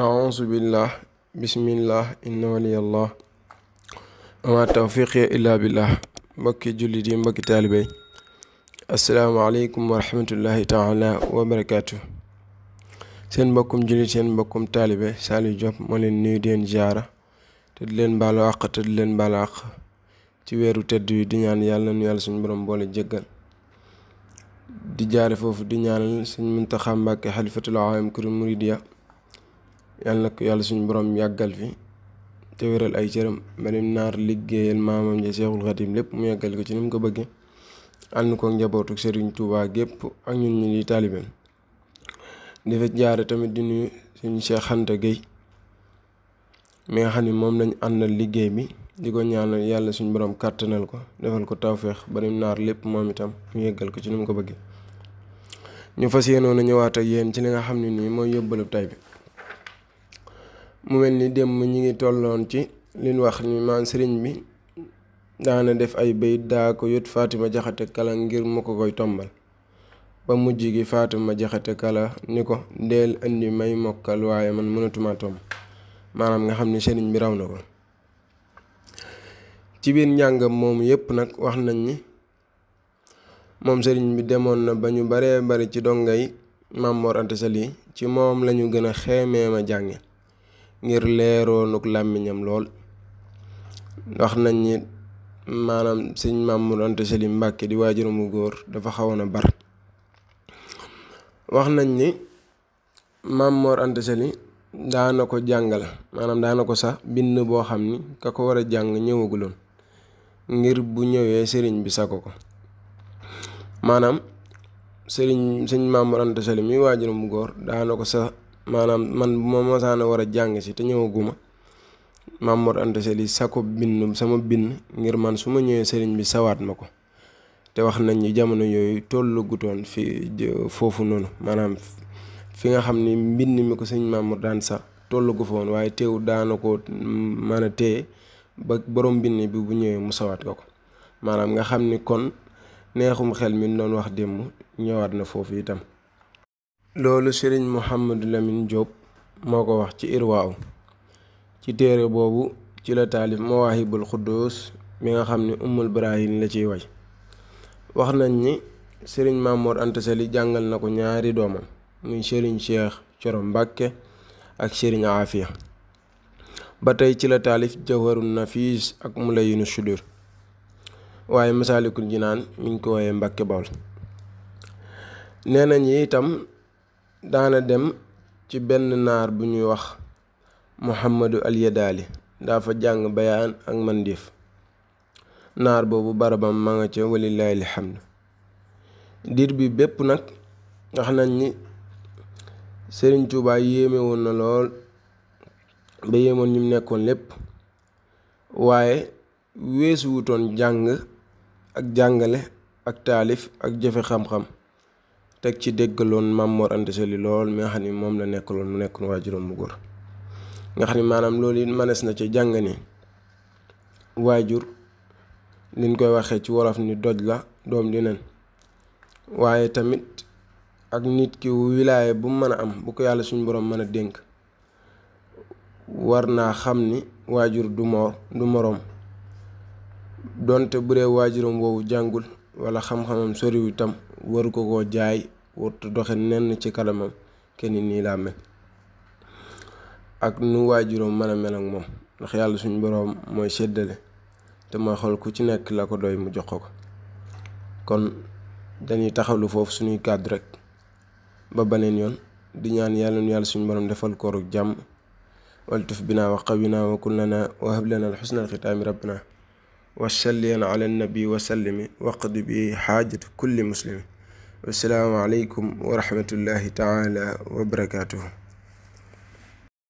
auzu billah bismillah inna waliyallah wama tawfiqi illa billah mbokki jullit yi mbokki taalibéy asalaamaaleykum wa rahmatullahi taala wa barakaatu seen mbokkum jullit seen mbokkum taalibe Saliou Diop moo leen nuyu di leen ziara te di leen baalu àq te di leen baalu àq ci weeru tedd yi di ñaan yàlla nu yàlla suñ borom boole jéggal di jaare foofu di ñaanal suñ Muntaxa Mbàkke xalifatul aam kuri muridiya yàlla ko yàlla suñu borom yàggal fi te wéral ay cëram manim naar liggéeyal maamam ja Seexul Xadim lépp mu yàggal ko ci ni mu ko bëggee ànd ko njabootu Sëriñ Tuubaa gépp ak ñun ñu di taalibeem di fa jaare tamit di nuyu suñu Cheikh Anta Gueye xam ni moom lañ àndal liggéey bi di ko ñaanal yàlla suñu borom kàttanal ko defal ko tawféex ba nim naar lépp moom itam mu yeggal ko ci ni mu ko bëggee ñu fas yéenoon a ñëwaat ak yéen ci li nga xam ne nii mooy yóbbalu tay bi mu mel ni démb ñi ngi tolloon ci liñ wax ni sëriñ bi daana def ay bayit daa ko yót Fatima Jaxate Kala ngir mu ko koy tombal ba mujj gi faatuma Jaxate Kala ni ko deel indi may mokkal waaye man mënatuma tomb maanaam nga xam ni sëriñ bi raw na ko ci biir njàngam moomu yépp nag wax nañ ni moom sëriñ bi demoon na ba ñu baree bari ci donga yi Maam Mor Anta ci moom lañu gën a xeemee ma jànge ngir leeroonu làmmiñam lool wax nañ ni maanaam sëñ Mamour Anta Sali Mbàkke di waajuram mu góor dafa xawoon a bar wax nañ ni Mamour Anta Sali daana ko jàngal maanaam daana ko sax bind boo xam ni ka ko war a jàng ñëwaguloon ngir bu ñëwee sëriñ bi sako ko maanaam sëriñ sëñ Mamour Anta Sali mi waajuram mu góor daana ko sax maanaam man bu ma mosaana war a jàng si te ñëwaguma Maam Mor Anta Sali sako bind sama bind ngir man su ma ñëwee sëriñ bi sawaat ma ko te wax nañ jamono yooyu tollugutoon fi foofu noonu maanaam fi nga xam ni mbind mi ko sëñ Maam Mor daan sax tollugu fa woon waaye teew daana ko mën a téye ba borom mbind bi bu ñëwee mu sawaat ko ko maanaam nga xam ni kon neexum xel mi doon wax démb ñëwaat na foofu itam loolu sëriñ Mouhamadou Lamine Diop moo ko wax ci irwaaw ci téere boobu ci la taalif mawaahibul xudduus mi nga xam ne ummul barahin la ciy way wax nañ ni sëriñ Mamoor Anta Sali jàngal na ko ñaari doomam muy sëriñ Cheikh Coro Mbàkke ak sëriñ Aafiya ba tey ci la taalif jawharu nafiis ak mulayinu sudur waaye masaalikul jinaan mi ngi ko woyee Mbàkke Bawol nee nañ itam daana dem ci benn naar bu ñuy wax muhammadu alyadaali daa fa jàng bayaan ak mandéef naar boobu barabam ma nga ca walilaahi alhamd diir bi bépp nag wax nañ ni sëriñ Tuubaa yéeme na lool ba yéemoon ñu nekkoon lépp waaye weesuwutoon jàng ak jàngale ak taalif ak jëfe xam-xam teg ci déggaloon maam Mor Anta lool mi nga moom la nekkaloon mu nekkoon waajuram bu góor nga xam ni maanaam loolu it manees na ci jàng ni waajur liñ koy waxee ci wolof ni doj la doom di nen waaye tamit ak nit ki wilaaye bu mën a am bu ko yàlla suñu boroom mën a dénk war naa xam ni waajur du moor du moroom donte bure dee waajuram woowu jàngul walla xam-xamam soriwu tam waru ko koo jaay warut doxe nenn ci kanamam kenn nii laa mel ak nu waajuram mën a moom ndax yàlla suñ boroom mooy seddale te mooy xool ku ci nekk la ko doy mu jox ko kon dañuy taxawlu foofu suñuy kàddu rek ba baneen yoon di ñaan yàlla nu yàlla suñu boroom defal kooruk jàmm waltuf binaa wa qawinaa wa kullana wa hab lana al xusna al xitaami rabbana wasalliyan ala nabi wasallimi waqdi bi xaajat kulli muslimi wasalaamu aleykum wa rahmatullahi taala wa barakaatuhu